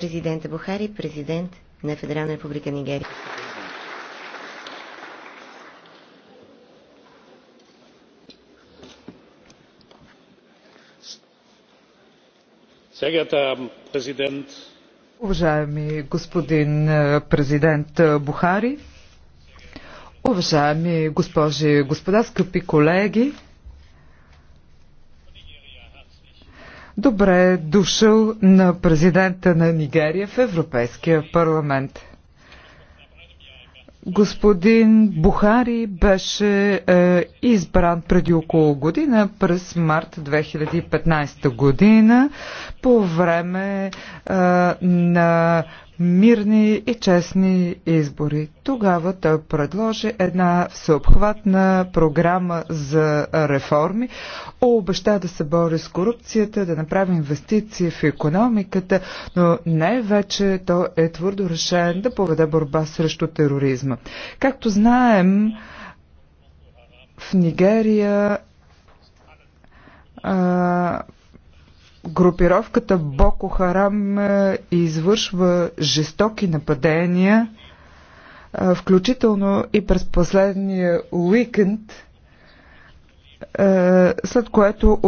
Президента Бухари, президент на Федерална република Нигерия. Уважаеми господин е, президент е, Бухари, уважаеми госпожи и господа, скъпи колеги, Добре е дошъл на президента на Нигерия в Европейския парламент. Господин Бухари беше е, избран преди около година, през март 2015 година, по време е, на мирни и честни избори. Тогава той предложи една всеобхватна програма за реформи, обеща да се бори с корупцията, да направи инвестиции в економиката, но най-вече той е твърдо решен да поведе борба срещу тероризма. Както знаем, в Нигерия а, групировката Боко Харам е, извършва жестоки нападения, е, включително и през последния уикенд, е, след, което,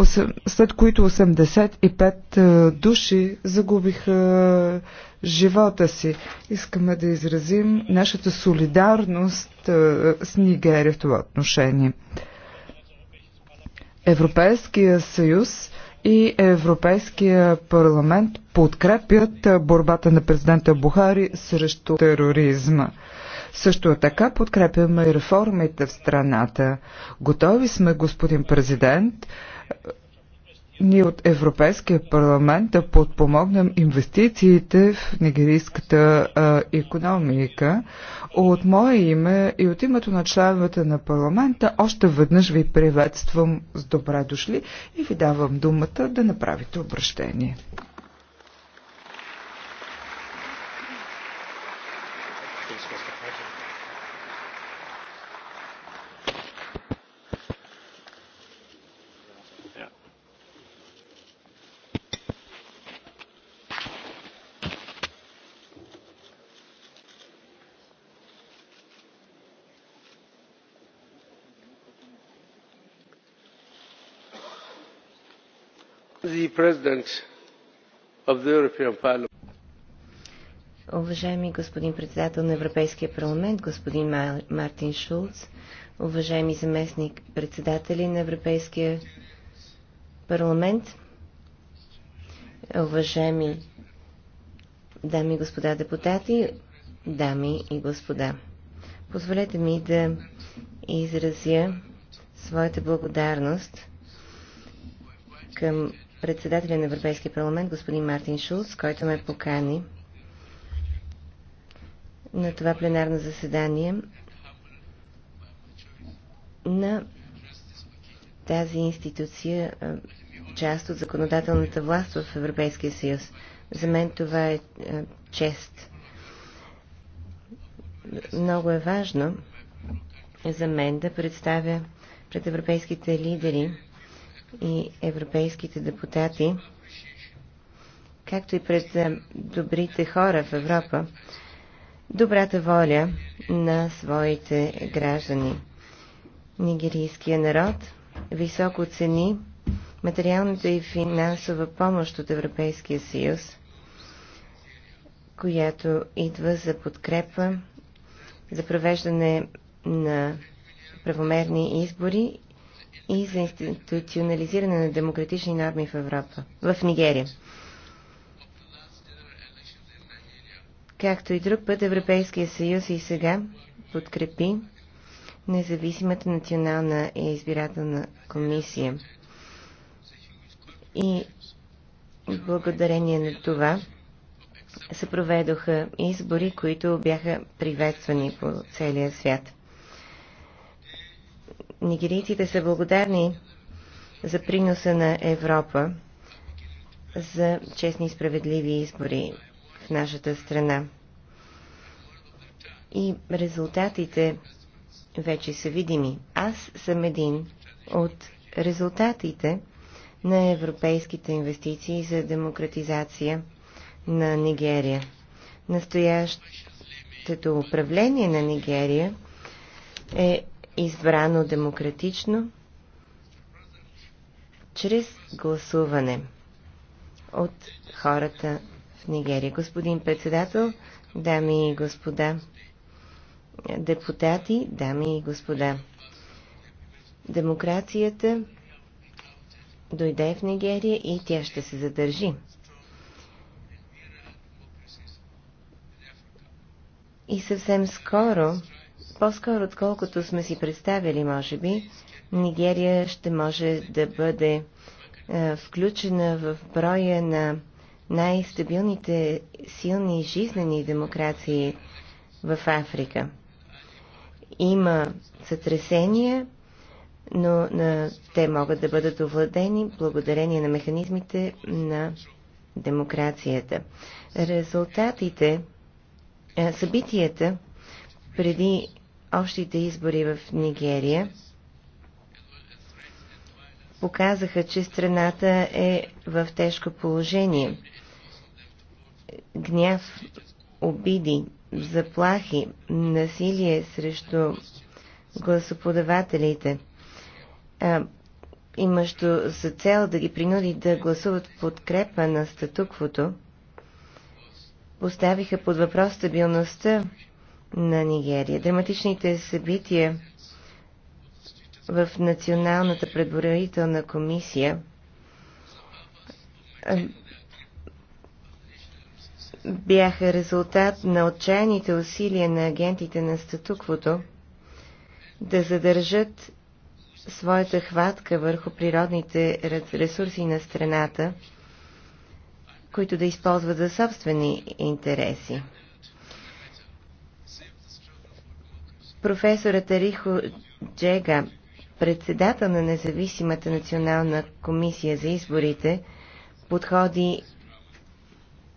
след които 85 души загубиха живота си. Искаме да изразим нашата солидарност с Нигерия в това отношение. Европейския съюз и Европейския парламент подкрепят борбата на президента Бухари срещу тероризма. Също е така подкрепяме и реформите в страната. Готови сме, господин президент, ние от Европейския парламент да подпомогнем инвестициите в нигерийската а, економика. От мое име и от името на членовете на парламента още веднъж ви приветствам с добре дошли и ви давам думата да направите обращение. Уважаеми господин председател на Европейския парламент, господин Мартин Шулц, уважаеми заместник председатели на Европейския парламент, уважаеми дами и господа депутати, дами и господа. Позволете ми да изразя своята благодарност към председателя на Европейския парламент, господин Мартин Шулц, който ме покани на това пленарно заседание на тази институция, част от законодателната власт в Европейския съюз. За мен това е чест. Много е важно за мен да представя пред европейските лидери и европейските депутати, както и пред е, добрите хора в Европа, добрата воля на своите граждани. Нигерийския народ високо цени материалната и финансова помощ от Европейския съюз, която идва за подкрепа за провеждане на правомерни избори и за институционализиране на демократични норми в Европа, в Нигерия. Както и друг път Европейския съюз и сега подкрепи независимата национална избирателна комисия. И благодарение на това се проведоха избори, които бяха приветствани по целия свят. Нигерийците са благодарни за приноса на Европа за честни и справедливи избори в нашата страна. И резултатите вече са видими. Аз съм един от резултатите на европейските инвестиции за демократизация на Нигерия. Настоящото управление на Нигерия е избрано демократично чрез гласуване от хората в Нигерия. Господин председател, дами и господа, депутати, дами и господа, демокрацията дойде в Нигерия и тя ще се задържи. И съвсем скоро по-скоро, отколкото сме си представили, може би, Нигерия ще може да бъде е, включена в броя на най-стабилните, силни и жизнени демокрации в Африка. Има сътресения, но на, е, те могат да бъдат овладени благодарение на механизмите на демокрацията. Резултатите, е, събитията преди общите избори в Нигерия показаха, че страната е в тежко положение. Гняв, обиди, заплахи, насилие срещу гласоподавателите, имащо за цел да ги принуди да гласуват подкрепа на статуквото, поставиха под въпрос стабилността на Нигерия. Драматичните събития в Националната предварителна комисия бяха резултат на отчаяните усилия на агентите на статуквото да задържат своята хватка върху природните ресурси на страната, които да използват за собствени интереси. професорът Арихо Джега, председател на независимата национална комисия за изборите, подходи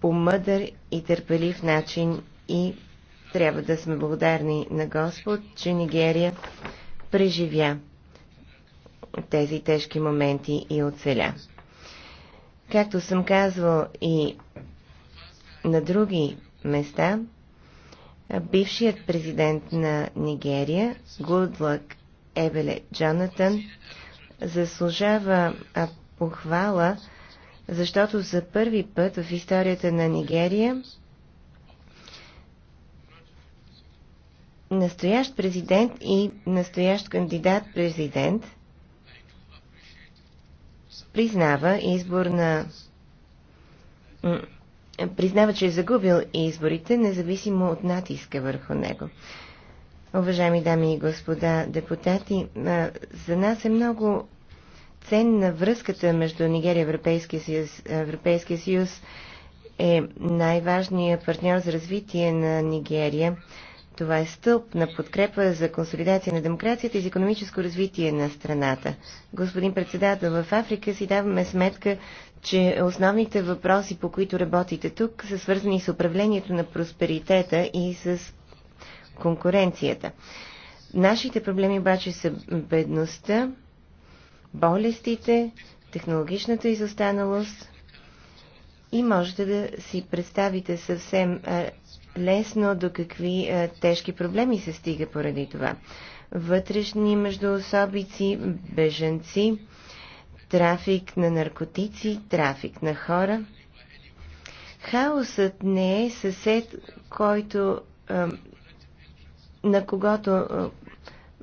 по мъдър и търпелив начин и трябва да сме благодарни на Господ, че Нигерия преживя тези тежки моменти и оцеля. Както съм казвал и на други места, бившият президент на Нигерия, Гудлак Ебеле Джонатан, заслужава похвала, защото за първи път в историята на Нигерия настоящ президент и настоящ кандидат президент признава избор на признава, че е загубил изборите, независимо от натиска върху него. Уважаеми дами и господа депутати, за нас е много ценна връзката между Нигерия и Европейския съюз. Европейския съюз е най-важният партньор за развитие на Нигерия това е стълб на подкрепа за консолидация на демокрацията и за економическо развитие на страната. Господин председател, в Африка си даваме сметка, че основните въпроси, по които работите тук, са свързани с управлението на просперитета и с конкуренцията. Нашите проблеми обаче са бедността, болестите, технологичната изостаналост и можете да си представите съвсем лесно до какви а, е, тежки проблеми се стига поради това. Вътрешни междуособици, бежанци, трафик на наркотици, трафик на хора. Хаосът не е съсед, който, а, е, на когото, а,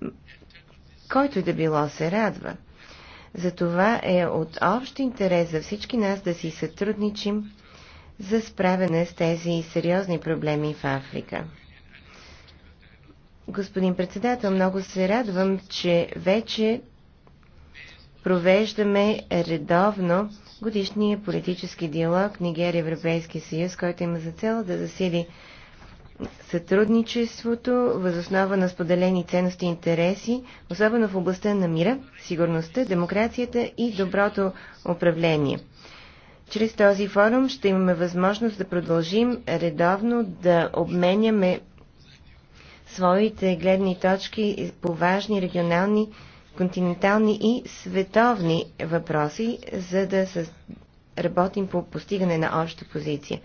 е, който и да било се радва. Затова е от общ интерес за всички нас да си сътрудничим за справяне с тези сериозни проблеми в Африка. Господин председател, много се радвам, че вече провеждаме редовно годишния политически диалог Нигерия-Европейски съюз, който има за цел да засили сътрудничеството възоснова на споделени ценности и интереси, особено в областта на мира, сигурността, демокрацията и доброто управление. Чрез този форум ще имаме възможност да продължим редовно да обменяме своите гледни точки по важни регионални, континентални и световни въпроси, за да работим по постигане на обща позиция.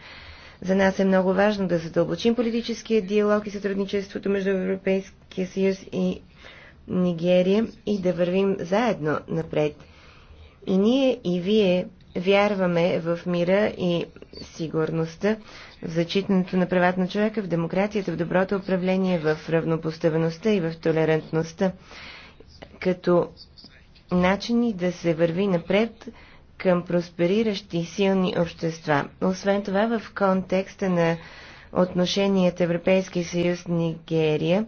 За нас е много важно да задълбочим политическия диалог и сътрудничеството между Европейския съюз и Нигерия и да вървим заедно напред. И ние, и вие вярваме в мира и сигурността, в зачитането на правата на човека, в демокрацията, в доброто управление, в равнопоставеността и в толерантността, като начини да се върви напред към проспериращи силни общества. Освен това, в контекста на отношенията Европейския съюз Нигерия,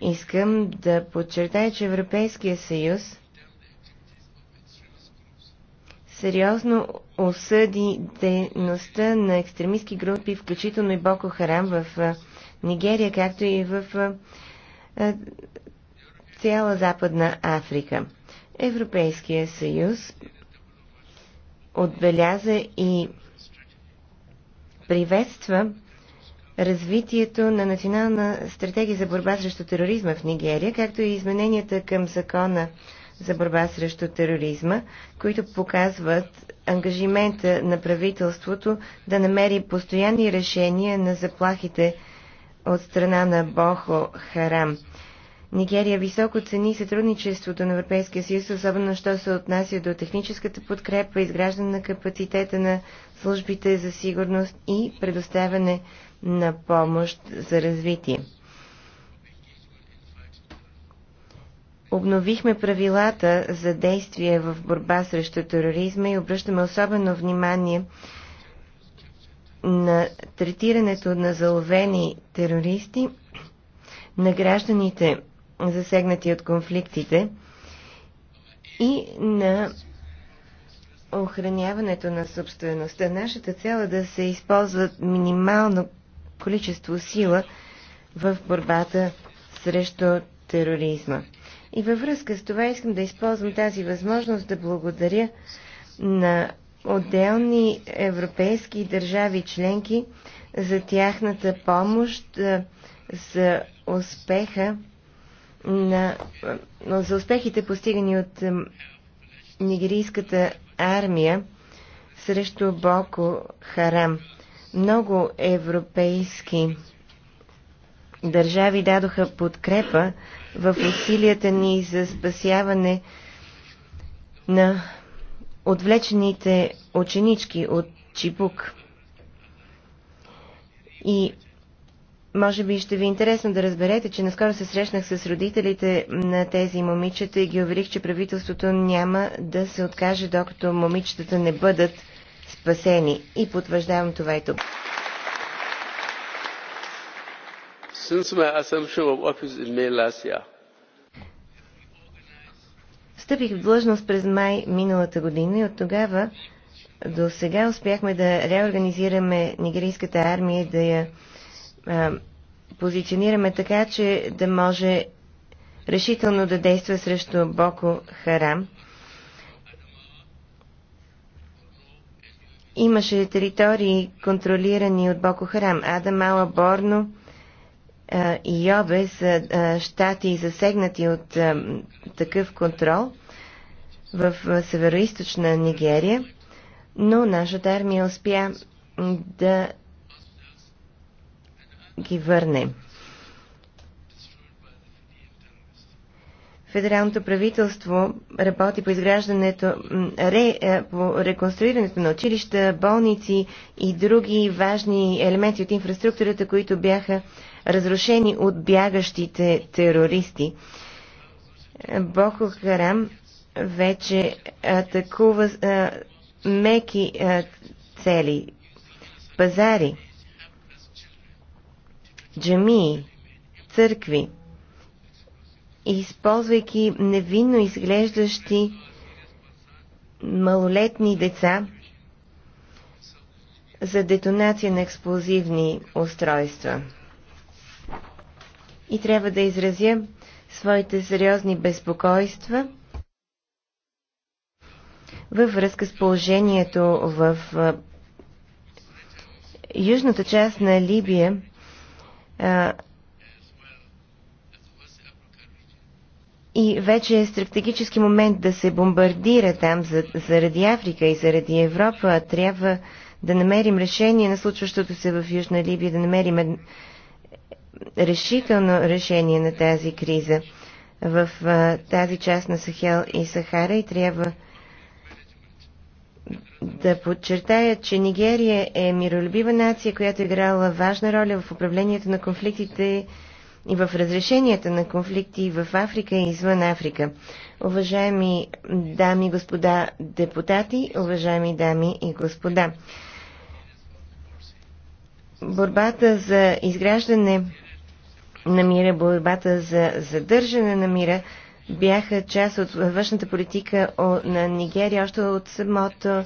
искам да подчертая, че Европейския съюз – сериозно осъди дейността на екстремистски групи, включително и Боко Харам в Нигерия, както и в цяла Западна Африка. Европейския съюз отбеляза и приветства развитието на национална стратегия за борба срещу тероризма в Нигерия, както и измененията към закона за борба срещу тероризма, които показват ангажимента на правителството да намери постоянни решения на заплахите от страна на Бохо Харам. Нигерия високо цени сътрудничеството на Европейския съюз, особено що се отнася до техническата подкрепа, изграждане на капацитета на службите за сигурност и предоставяне на помощ за развитие. Обновихме правилата за действие в борба срещу тероризма и обръщаме особено внимание на третирането на заловени терористи, на гражданите засегнати от конфликтите и на охраняването на собствеността. Нашата цел е да се използват минимално количество сила в борбата срещу тероризма. И във връзка с това искам да използвам тази възможност да благодаря на отделни европейски държави членки за тяхната помощ, за успеха на, за успехите постигани от нигерийската армия срещу Боко Харам. Много европейски държави дадоха подкрепа в усилията ни за спасяване на отвлечените ученички от Чипук. И може би ще ви е интересно да разберете, че наскоро се срещнах с родителите на тези момичета и ги уверих, че правителството няма да се откаже, докато момичетата не бъдат спасени. И потвърждавам това и тук since my assumption of office in May last year. Стъпих в длъжност през май миналата година и от тогава до сега успяхме да реорганизираме нигерийската армия и да я а, позиционираме така, че да може решително да действа срещу Боко Харам. Имаше територии, контролирани от Боко Харам, Адамала, Борно, е, и Йове са е, щати засегнати от е, такъв контрол в северо Нигерия, но нашата армия успя да ги върне. Федералното правителство работи по изграждането, ре, по реконструирането на училища, болници и други важни елементи от инфраструктурата, които бяха разрушени от бягащите терористи. Боко Харам вече атакува а, меки а, цели, пазари, джамии, църкви, използвайки невинно изглеждащи малолетни деца за детонация на експлозивни устройства и трябва да изразя своите сериозни безпокойства във връзка с положението в южната част на Либия. И вече е стратегически момент да се бомбардира там заради Африка и заради Европа. Трябва да намерим решение на случващото се в Южна Либия, да намерим решително решение на тази криза в а, тази част на Сахел и Сахара и трябва да подчертая, че Нигерия е миролюбива нация, която е играла важна роля в управлението на конфликтите и в разрешенията на конфликти в Африка и извън Африка. Уважаеми дами и господа депутати, уважаеми дами и господа, борбата за изграждане на мира, борбата за задържане на мира бяха част от външната политика на Нигерия още от самото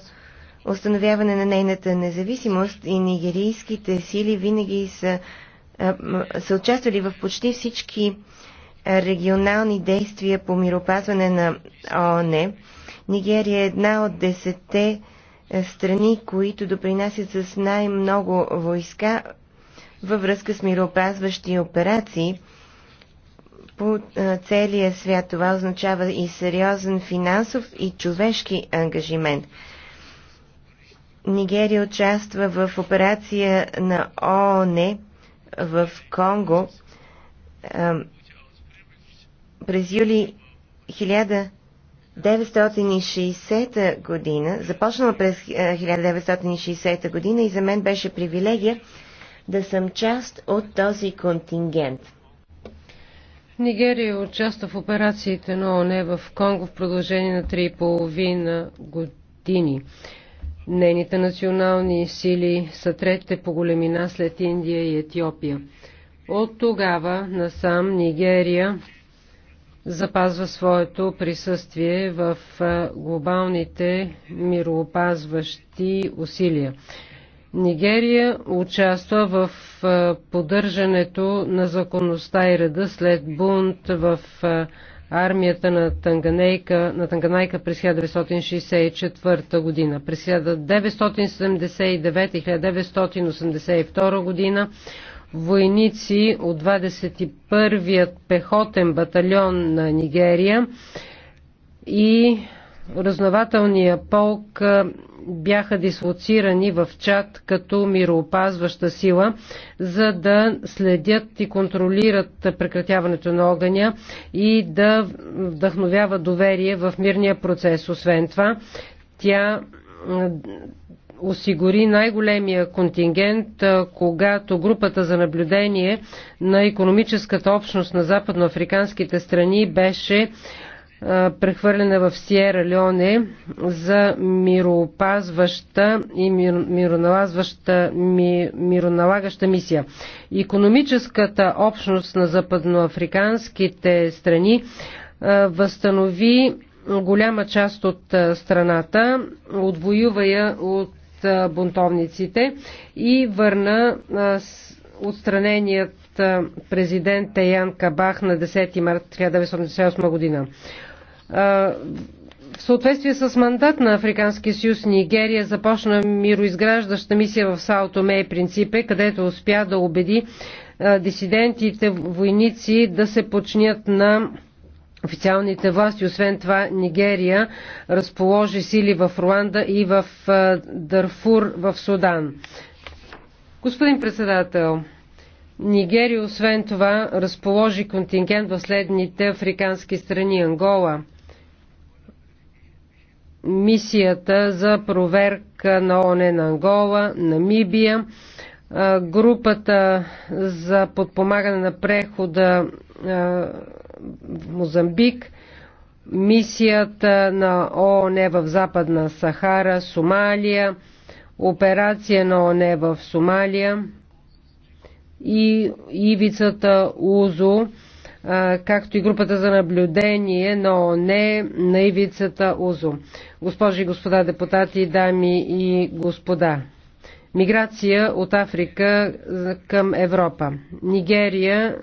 установяване на нейната независимост и нигерийските сили винаги са, са участвали в почти всички регионални действия по миропазване на ООН. Нигерия е една от десетте страни, които допринасят с най-много войска във връзка с мироопазващи операции по целия свят. Това означава и сериозен финансов и човешки ангажимент. Нигерия участва в операция на ООН в Конго през юли 1960 година, започнала през 1960 година и за мен беше привилегия да съм част от този контингент. Нигерия участва в операциите на ОНЕ в Конго в продължение на 3,5 години. Нейните национални сили са третите по големина след Индия и Етиопия. От тогава насам Нигерия запазва своето присъствие в глобалните мироопазващи усилия. Нигерия участва в поддържането на законността и реда след бунт в армията на Танганейка, на Танганайка през 1964 година. През 1979 и 1982 година войници от 21-ият пехотен батальон на Нигерия и разнователния полк бяха дислоцирани в чат като мироопазваща сила, за да следят и контролират прекратяването на огъня и да вдъхновява доверие в мирния процес. Освен това, тя осигури най-големия контингент, когато групата за наблюдение на економическата общност на западноафриканските страни беше прехвърлена в Сиера Леоне за мироопазваща и мироналазваща, ми, мироналагаща мисия. Економическата общност на западноафриканските страни възстанови голяма част от страната, отвоюва я от бунтовниците и върна отстраненият президент Таян Кабах на 10 март 1998 година. В съответствие с мандат на Африканския съюз Нигерия започна мироизграждаща мисия в Саото Мей Принципе, където успя да убеди дисидентите войници да се починят на официалните власти. Освен това, Нигерия разположи сили в Руанда и в Дарфур в Судан. Господин председател, Нигерия освен това разположи контингент в следните африкански страни Ангола – мисията за проверка на ОНЕ на Ангола, Намибия, групата за подпомагане на прехода в Мозамбик, мисията на ООН е в Западна Сахара, Сомалия, операция на ОНЕ в Сомалия и ивицата УЗО, както и групата за наблюдение на не на ивицата УЗО. Госпожи и господа депутати, дами и господа. Миграция от Африка към Европа. Нигерия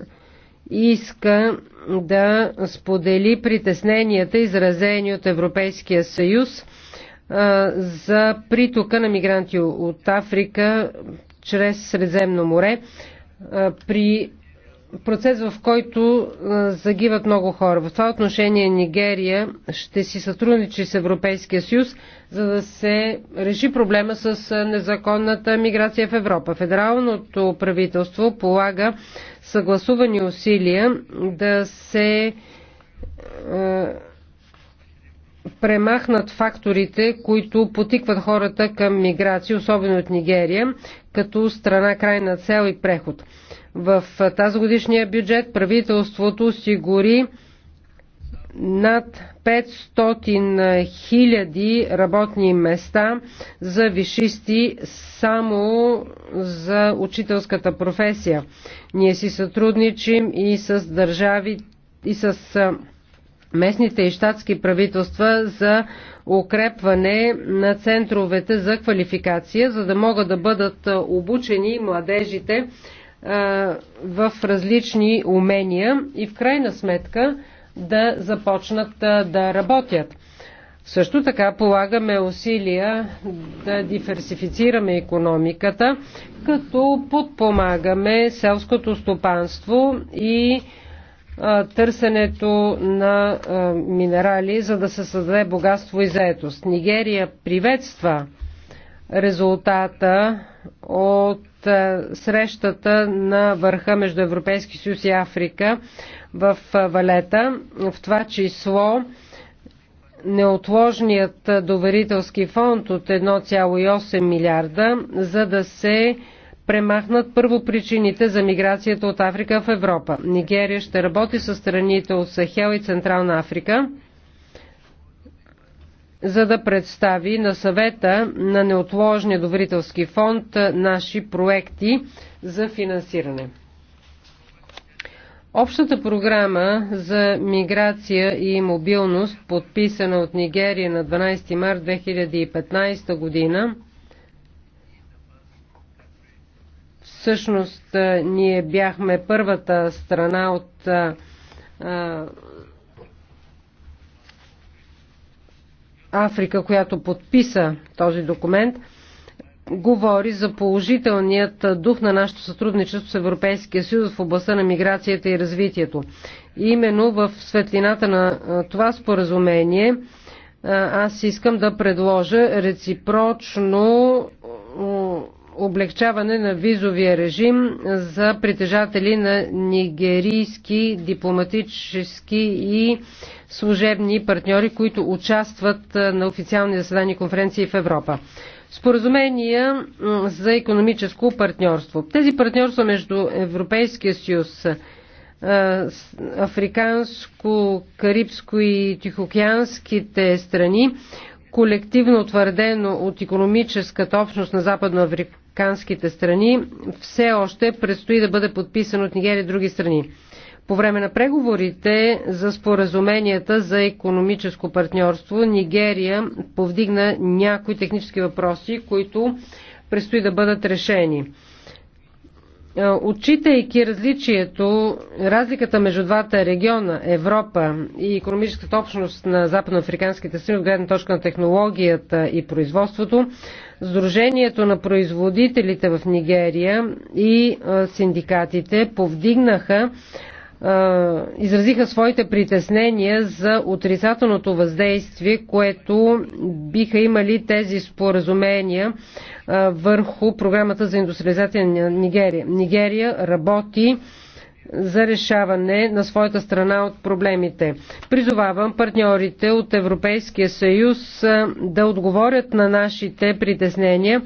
иска да сподели притесненията, изразени от Европейския съюз за притока на мигранти от Африка чрез Средземно море при процес, в който загиват много хора. В това отношение Нигерия ще си сътрудничи с Европейския съюз, за да се реши проблема с незаконната миграция в Европа. Федералното правителство полага съгласувани усилия да се премахнат факторите, които потикват хората към миграция, особено от Нигерия, като страна крайна цел и преход. В тази годишния бюджет правителството осигури над 500 хиляди работни места за вишисти само за учителската професия. Ние си сътрудничим и с държави и с местните и щатски правителства за укрепване на центровете за квалификация, за да могат да бъдат обучени младежите в различни умения и в крайна сметка да започнат да работят. Също така полагаме усилия да диверсифицираме економиката, като подпомагаме селското стопанство и търсенето на минерали, за да се създаде богатство и заетост. Нигерия приветства резултата от срещата на върха между Европейски съюз и Африка в Валета. В това число неотложният доверителски фонд от 1,8 милиарда, за да се премахнат първо причините за миграцията от Африка в Европа. Нигерия ще работи с страните от Сахел и Централна Африка за да представи на съвета на неотложния доверителски фонд наши проекти за финансиране. Общата програма за миграция и мобилност, подписана от Нигерия на 12 март 2015 година, всъщност ние бяхме първата страна от Африка, която подписа този документ, говори за положителният дух на нашето сътрудничество с Европейския съюз в областта на миграцията и развитието. И именно в светлината на това споразумение аз искам да предложа реципрочно облегчаване на визовия режим за притежатели на нигерийски дипломатически и служебни партньори, които участват на официални заседания и конференции в Европа. Споразумения за економическо партньорство. Тези партньорства между Европейския съюз, Африканско, Карибско и Тихоокеанските страни колективно утвърдено от економическата общност на Западно африканските страни все още предстои да бъде подписан от Нигерия и други страни. По време на преговорите за споразуменията за економическо партньорство Нигерия повдигна някои технически въпроси, които предстои да бъдат решени. Е, отчитайки различието, разликата между двата региона, Европа и економическата общност на западноафриканските страни от гледна точка на технологията и производството, Сдружението на производителите в Нигерия и е, синдикатите повдигнаха изразиха своите притеснения за отрицателното въздействие, което биха имали тези споразумения върху програмата за индустриализация на Нигерия. Нигерия работи за решаване на своята страна от проблемите. Призовавам партньорите от Европейския съюз да отговорят на нашите притеснения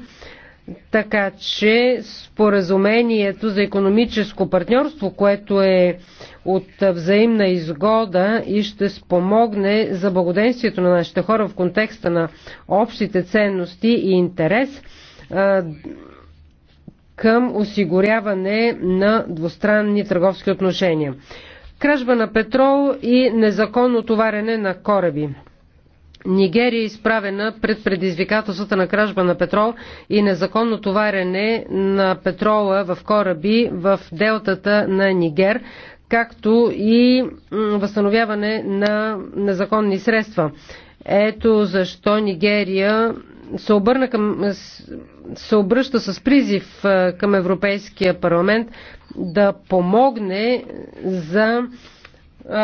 така че споразумението за економическо партньорство, което е от взаимна изгода и ще спомогне за благоденствието на нашите хора в контекста на общите ценности и интерес а, към осигуряване на двустранни търговски отношения. Кражба на петрол и незаконно товарене на кораби. Нигерия е изправена пред предизвикателствата на кражба на петрол и незаконно товарене на петрола в кораби в делтата на Нигер, както и възстановяване на незаконни средства. Ето защо Нигерия се, обърна към, се обръща с призив към Европейския парламент да помогне за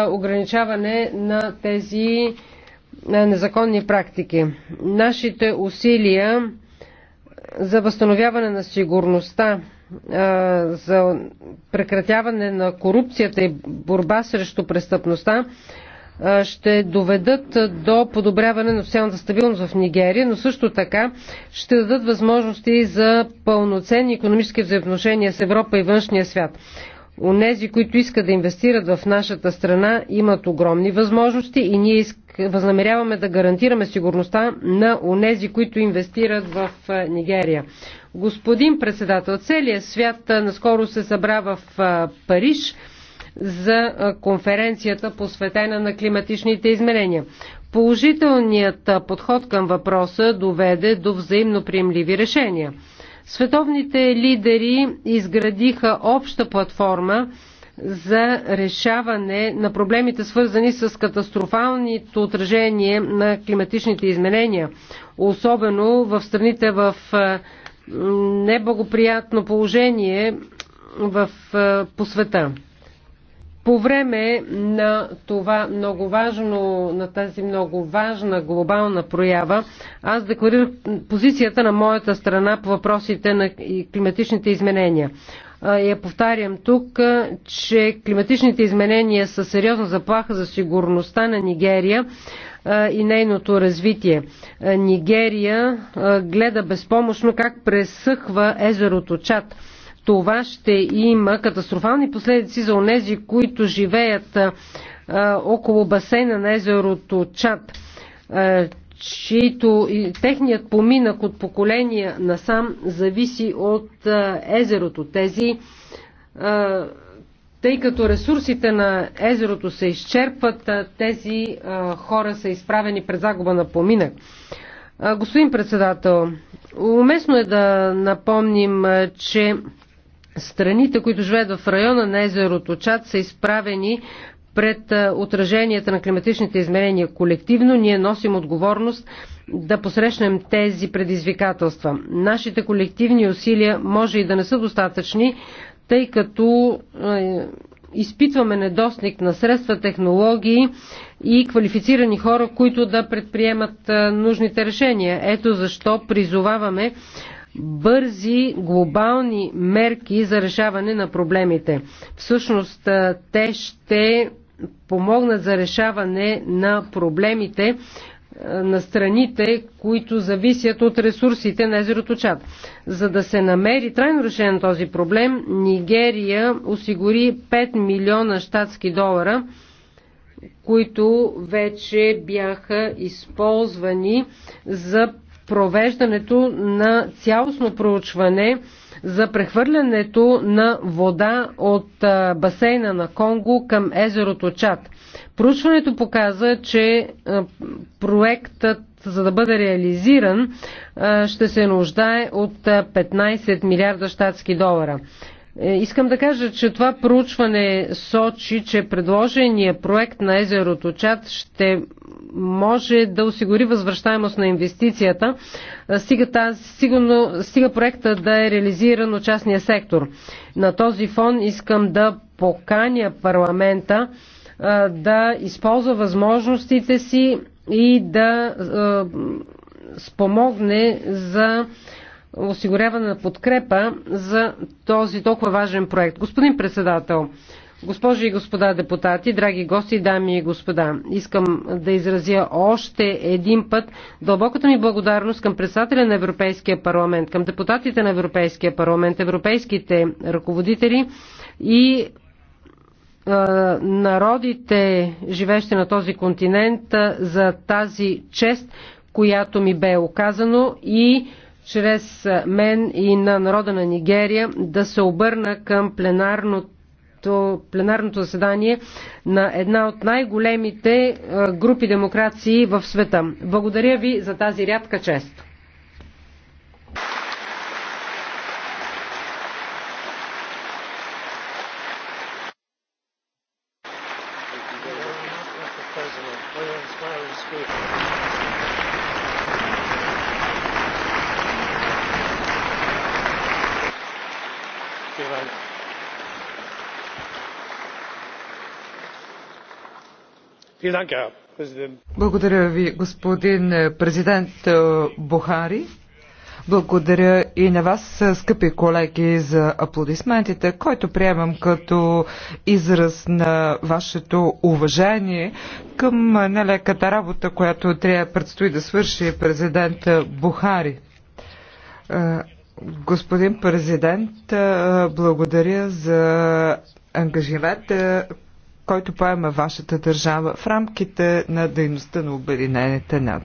ограничаване на тези незаконни практики. Нашите усилия за възстановяване на сигурността, за прекратяване на корупцията и борба срещу престъпността ще доведат до подобряване на социалната стабилност в Нигерия, но също така ще дадат възможности за пълноценни економически взаимоотношения с Европа и външния свят. Онези, които искат да инвестират в нашата страна, имат огромни възможности и ние възнамеряваме да гарантираме сигурността на онези, които инвестират в е, Нигерия. Господин председател, целият свят е, наскоро се събра в е, Париж за конференцията посветена на климатичните изменения. Положителният подход към въпроса доведе до взаимно приемливи решения. Световните лидери изградиха обща платформа за решаване на проблемите, свързани с катастрофалното отражение на климатичните изменения, особено в страните в неблагоприятно положение в, по света. По време на това много важно, на тази много важна глобална проява, аз декларирах позицията на моята страна по въпросите на климатичните изменения. Я повтарям тук, че климатичните изменения са сериозна заплаха за сигурността на Нигерия и нейното развитие. Нигерия гледа безпомощно как пресъхва езерото Чад това ще има катастрофални последици за онези, които живеят около басейна на езерото Чад, чието и техният поминък от поколения насам зависи от езерото. Тези тъй като ресурсите на езерото се изчерпват, тези хора са изправени пред загуба на поминък. Господин председател, уместно е да напомним, че Страните, които живеят в района на езерото Чад, са изправени пред отраженията на климатичните изменения колективно. Ние носим отговорност да посрещнем тези предизвикателства. Нашите колективни усилия може и да не са достатъчни, тъй като изпитваме недостиг на средства, технологии и квалифицирани хора, които да предприемат нужните решения. Ето защо призоваваме бързи глобални мерки за решаване на проблемите. Всъщност те ще помогнат за решаване на проблемите на страните, които зависят от ресурсите на езерото Чад. За да се намери трайно решение на този проблем, Нигерия осигури 5 милиона щатски долара, които вече бяха използвани за провеждането на цялостно проучване за прехвърлянето на вода от басейна на Конго към езерото Чад. Проучването показа, че проектът, за да бъде реализиран, ще се нуждае от 15 милиарда щатски долара. Е, искам да кажа, че това проучване сочи, че предложения проект на езерото Чад ще може да осигури възвръщаемост на инвестицията, е, стига, тази, сигурно, стига проекта да е реализиран от частния сектор. На този фон искам да поканя парламента е, да използва възможностите си и да спомогне за осигуряване на подкрепа за този толкова важен проект. Господин председател, госпожи и господа депутати, драги гости, дами и господа, искам да изразя още един път дълбоката ми благодарност към председателя на Европейския парламент, към депутатите на Европейския парламент, европейските ръководители и народите, живещи на този континент, за тази чест, която ми бе оказано и чрез мен и на народа на Нигерия да се обърна към пленарното пленарното заседание на една от най-големите групи демокрации в света. Благодаря ви за тази рядка чест. Thank you. Благодаря ви, господин президент Бухари. Благодаря и на вас, скъпи колеги, за аплодисментите, който приемам като израз на вашето уважение към нелеката работа, която трябва предстои да свърши президент Бухари. Господин президент, благодаря за ангажимента, който поема вашата държава в рамките на дейността на Обединените нации.